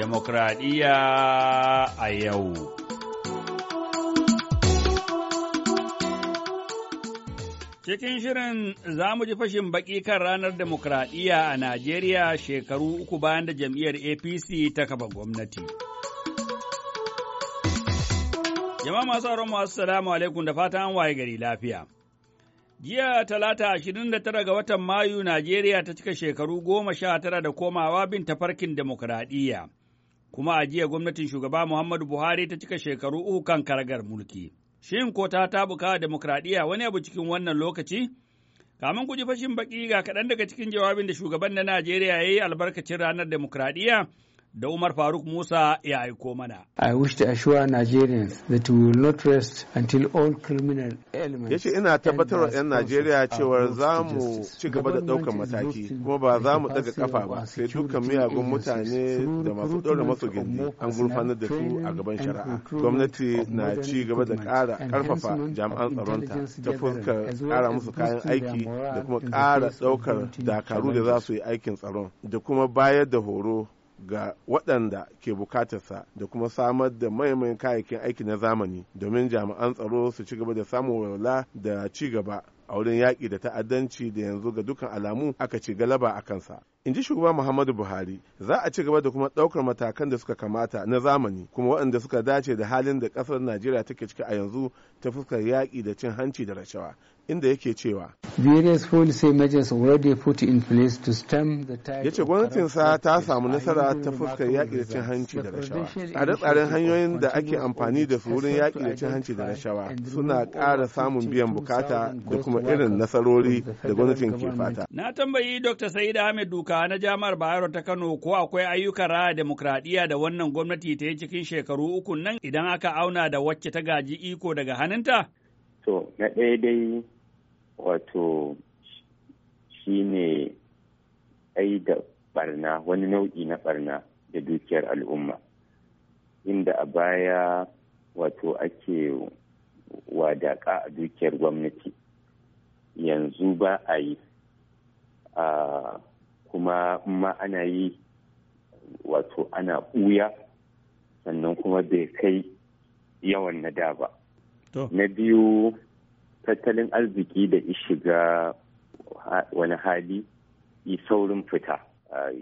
Demokradiyya a yau. Cikin shirin za mu ji fashin baki kan ranar demokradiyya a Najeriya shekaru uku bayan da jam'iyyar APC ta kafa gwamnati. Jama'a masu aron masu salamu alaikum da fata an waye gari lafiya. Jiya talata ashirin da tara ga watan Mayu Najeriya ta cika shekaru goma sha tara da komawa bin tafarkin demokradiyya. kuma a jiya gwamnatin shugaba Muhammadu Buhari ta cika shekaru uku kan karagar mulki. Shin ko ta tabuka demokradiyya wani abu cikin wannan lokaci? Kamin ku ji fashin baki ga kaɗan daga cikin jawabin da shugaban na Najeriya ya yi albarkacin ranar demokradiyya da Umar Faruk Musa ya aiko mana. I wish to assure Nigerians that we will not rest until all criminal elements. Yace ina tabbatar 'yan Najeriya cewa za mu ci gaba da ɗaukar mataki kuma ba za mu ɗaga kafa ba sai dukkan miyagun mutane da masu ɗora masu gindi an gurfanar da su a gaban shari'a. Gwamnati na ci gaba da ƙara ƙarfafa jami'an tsaronta ta fuskar ƙara musu kayan aiki da kuma ƙara ɗaukar dakaru da za su yi aikin tsaron da kuma bayar da horo ga waɗanda ke bukatarsa da kuma samar da maimai kayayyakin aiki na zamani domin jami'an tsaro su ci gaba da samun walwala da ci gaba a wurin yaƙi da ta'addanci da yanzu ga dukkan alamu aka ci galaba a kansa. in ji shugaba muhammadu buhari za a ci gaba da kuma ɗaukar matakan da suka kamata na zamani kuma waɗanda suka dace da halin da ƙasar najeriya take ciki a yanzu ta fuskar yaƙi da cin hanci da rashawa inda yake cewa yace ce gwamnatinsa ta samu nasara ta fuskar yaƙi da cin hanci da rashawa tsare-tsaren hanyoyin da ake amfani da su wurin yaƙi da cin hanci da rashawa suna ƙara samun biyan bukata da kuma irin nasarori da gwamnatin ke fata na tambayi dr sa'ida ahmed ayyuka na jami'ar Bayero ta Kano ko akwai ayyukan raya demokradiyya da wannan gwamnati ta yi cikin shekaru uku nan idan aka auna da wacce ta gaji iko daga hannunta? To, na ɗaya dai wato shi ne ai da barna wani nau'i na barna da dukiyar al'umma inda a baya wato ake wadaƙa a dukiyar gwamnati yanzu ba a yi a ah, kuma ma ana yi wato ana ɓuya sannan kuma bai kai yawan na da ba na biyu tattalin arziki da shiga wani hali yi saurin fita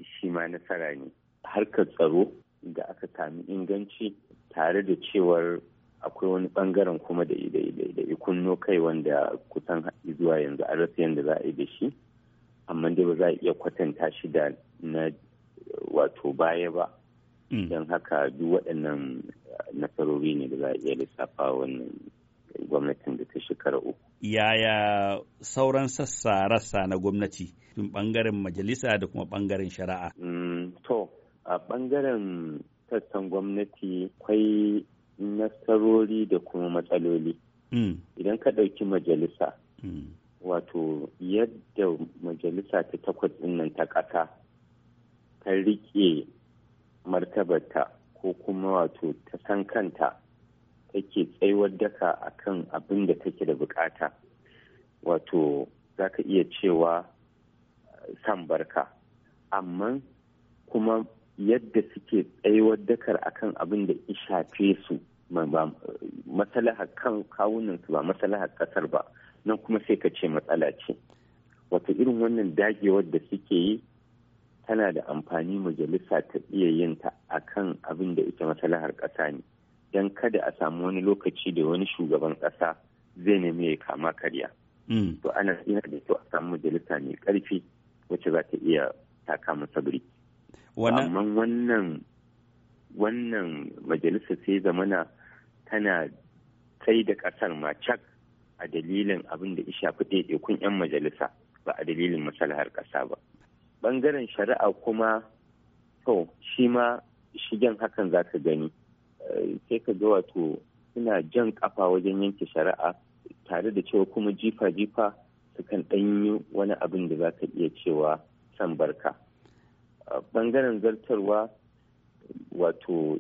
shi ma nasara ne harkar tsaro da aka sami inganci tare da cewar akwai wani bangaren kuma da ikunno kai wanda kusan zuwa yanzu an rasa yadda za a yi da shi amma dai ba za a iya kwatanta shi da na wato baya ba mm. don haka duk waɗannan uh, nasarori ne da za a iya lissafa wannan gwamnatin da ta shekara uku. Yaya sauran sassa rassa na gwamnati tun ɓangaren majalisa da kuma ɓangaren shari'a? Mm, to, a ɓangaren sassan gwamnati kwai nasarori da kuma matsaloli. Mm. Idan ka ɗauki majalisa, wato yadda majalisa ta takwas nan ta ƙasa ta riƙe martabarta ko kuma wato ta san kanta take tsaiwar daka a kan abin da take da bukata wato za ka iya cewa eh, san barka amma kuma yadda suke tsaiwar dakar kan abin da shafe su masalahar kan su ba masalahar kasar ba nan kuma sai ka ce matsala ce wata irin wannan dagewar da suke yi tana da amfani majalisa ta iya yin ta akan abin da ita masalahar ƙasa ne don kada a samu wani lokaci da wani shugaban ƙasa zai nemi ya kama karya hmm. to ana ina da kyau a samu majalisa mai ƙarfi wacce za ta iya taka masa biri amma wannan wannan majalisa sai zamana tana kai da ƙasar ma cak a dalilin abin da ya shafi ɗaiɗaikun 'yan majalisa ba a dalilin masalahar ƙasa ba. Bangaren shari'a kuma to shi ma shigen hakan za ka gani eh, sai ka ga wato suna jan ƙafa wajen yanke shari'a tare da cewa kuma jifa-jifa su kan ɗanyi wani abin da za ka iya cewa san barka. Eh, ɓangaren zartarwa wato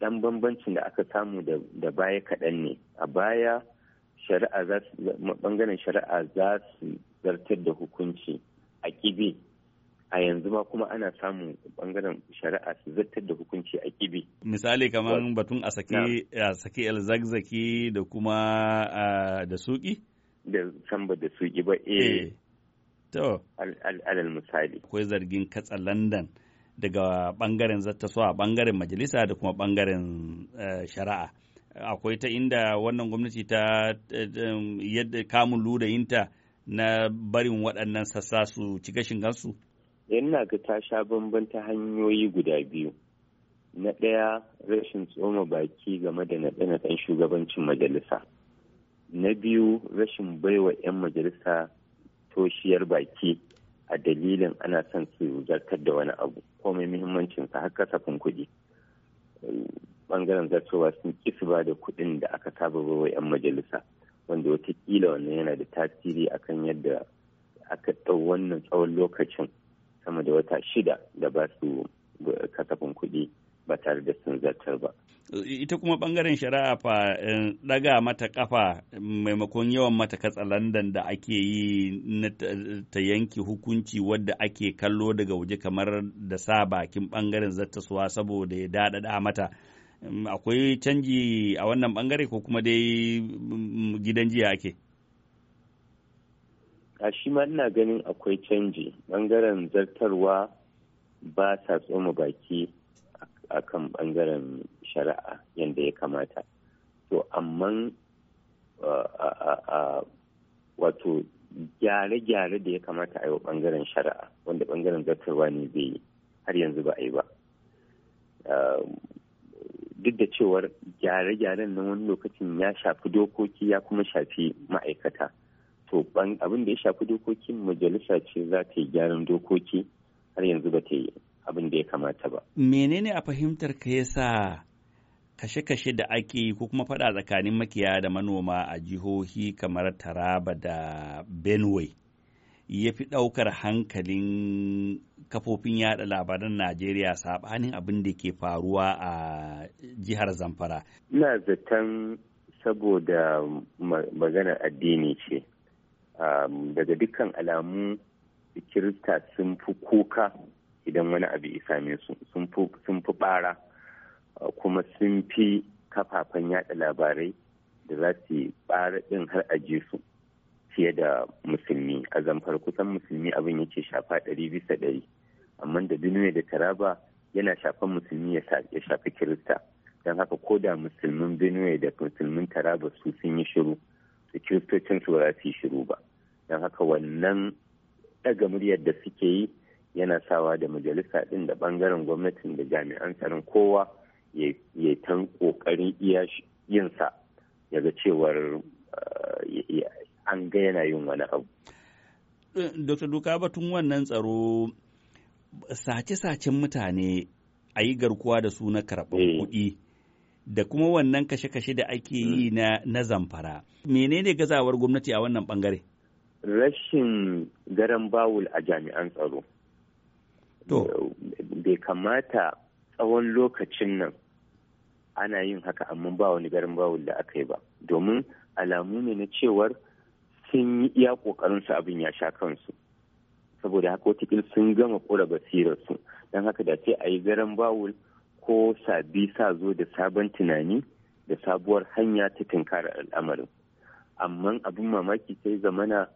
ɗan bambancin da aka samu da baya kaɗan ne. A baya shari'a za su bangaren shari'a za su zartar da hukunci a kibi a yanzu ma kuma ana samun bangaren shari'a su zartar da hukunci a kibi misali kamar batun a sake a sake elzakzaki da kuma da suki da samba da suki ba eh, eh. to alal misali akwai zargin katsa london daga bangaren zattaso a bangaren majalisa da kuma bangaren eh, shari'a akwai ta inda wannan gwamnati ta um, yadda kamun ludayinta na barin waɗannan sassa su ci gashin gansu? Ina ga ta sha bamban ta hanyoyi guda biyu. Na ɗaya rashin tsoma baki game da naɗe ɗan shugabancin majalisa. Na biyu rashin baiwa 'yan majalisa toshiyar baki a dalilin ana son su zartar da wani abu komai muhimmancinsa har kasafin kuɗi. bangaren zartowa sun kisu ba da kuɗin da aka saba wa 'yan majalisa wanda watakila wannan yana da tasiri akan yadda aka ɗau wannan tsawon lokacin sama da wata shida da ba su kasafin kuɗi ba tare da sun zartar ba. Ita kuma bangaren shari'a fa daga eh, mata kafa maimakon yawan mata katsalandan da ake yi ta yanki hukunci wadda ake kallo daga waje kamar da sa bakin bangaren zartaswa saboda ya daɗaɗa mata. Mm, akwai canji a wannan bangare ko kuma dai mm, mm, gidan jiya ake a shi ma ina ganin akwai canji bangaren zartarwa ba sa tsoma baki a kan bangaren shari'a yadda ya kamata to amma wato gyare-gyare da ya kamata a yi wa bangaren shari'a wanda bangaren zartarwa ne zai yi har yanzu ba a yi ba duk da cewar gyare-gyaren na wani lokacin ya shafi dokoki ya kuma shafi ma'aikata to abin da ya shafi dokoki majalisa ce za ta yi gyaran dokoki har yanzu ba ta yi abin da ya kamata ba menene a fahimtar ka ya sa kashe-kashe da ake yi ko kuma fada tsakanin makiya da manoma a jihohi kamar taraba da benue ya fi ɗaukar hankalin kafofin yaɗa labaran Najeriya saɓanin abin da ke faruwa a jihar Zamfara. Ina zaton saboda maganar addini ce. Daga dukkan alamu kirista sun fi kuka idan wani abu ya same su sun fi bara kuma sun fi kafafen yaɗa labarai da za su yi bara ɗin har aje su. fiye da musulmi a zamfar kusan musulmi abin yake shafa ɗari bisa ɗari amma da duniya da Taraba yana shafan musulmi ya shafi Kirista don haka ko da musulmin Benue da musulmin Taraba su sun yi shiru su kiristocin su ba su yi shiru ba don haka wannan ɗaga muryar da suke yi yana sawa da majalisa ɗin da ɓangaren gwamnatin da jami'an tsaron kowa ya tan ƙoƙarin iya yinsa daga cewar eh, an ga yana yin wani abu. Eh, Dr. Duka batun wannan tsaro sace-sacen mutane a yi garkuwa da su na karɓar eh. kuɗi da kuma wannan kashe-kashe da ake mm. yi na zamfara. Menene gazawar gwamnati a wannan ɓangare? Rashin garan bawul a jami'an tsaro. To. Bai kamata tsawon lokacin nan ana yin haka amma ba wani garin bawul da aka yi ba. Domin alamu ne na cewar sun yi iya su abin ya sha kansu saboda haka wata kila sun gama kura basirarsu don haka da ce a yi garan bawul ko sabi sa zo da sabon tunani da sabuwar hanya ta tunkara al'amarin amma abin mamaki sai zamana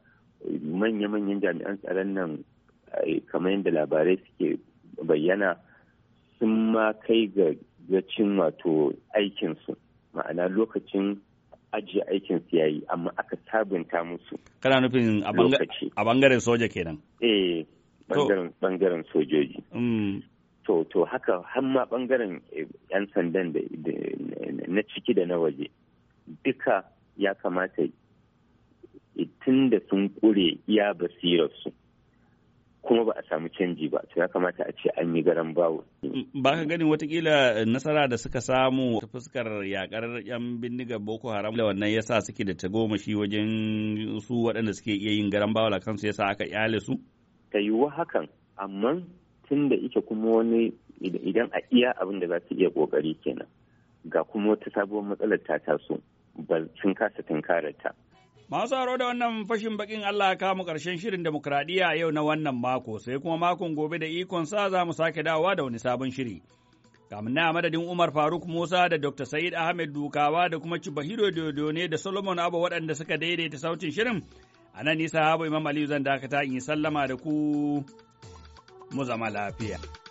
eh, manya-manyan jami'an tsaron nan eh, kamar yadda labarai suke bayyana sun ma kai ga gacin wato aikinsu ma'ana lokacin ajiye aikin su yayi amma aka sabunta musu kana nufin a bangaren soja kenan eh bangaren sojoji mm. to to haka har ma bangaren eh, yan sandan da na ciki da na waje duka ya kamata eh, tun da sun kure iya basirar su. kuma ba a samu canji ba to ya kamata a ce an yi garan bawo. ba ka gani watakila nasara da suka samu ta fuskar yakar yan bindiga boko haram da wannan yasa suke da tagomashi wajen su waɗanda suke iya yin garan bawo kansu yasa aka kyale su ta yiwu hakan amma tun da ike kuma wani idan a iya abin da za su iya kokari kenan ga kuma wata sabuwar matsalar ta taso ba sun kasa tunkarar ta Masu haro da wannan fashin bakin Allah ya kama ƙarshen shirin demokradiyya yau na wannan mako sai kuma makon gobe da ikon sa za mu sake dawowa da wani sabon shiri. Kamin na madadin Umar Faruk Musa da Dr. Said Ahmed Dukawa da kuma Cibahiro ne da Solomon Abu waɗanda suka daidaita sautin shirin. A nan nisa Habu Imam Aliyu zan dakata in yi sallama da ku mu zama lafiya.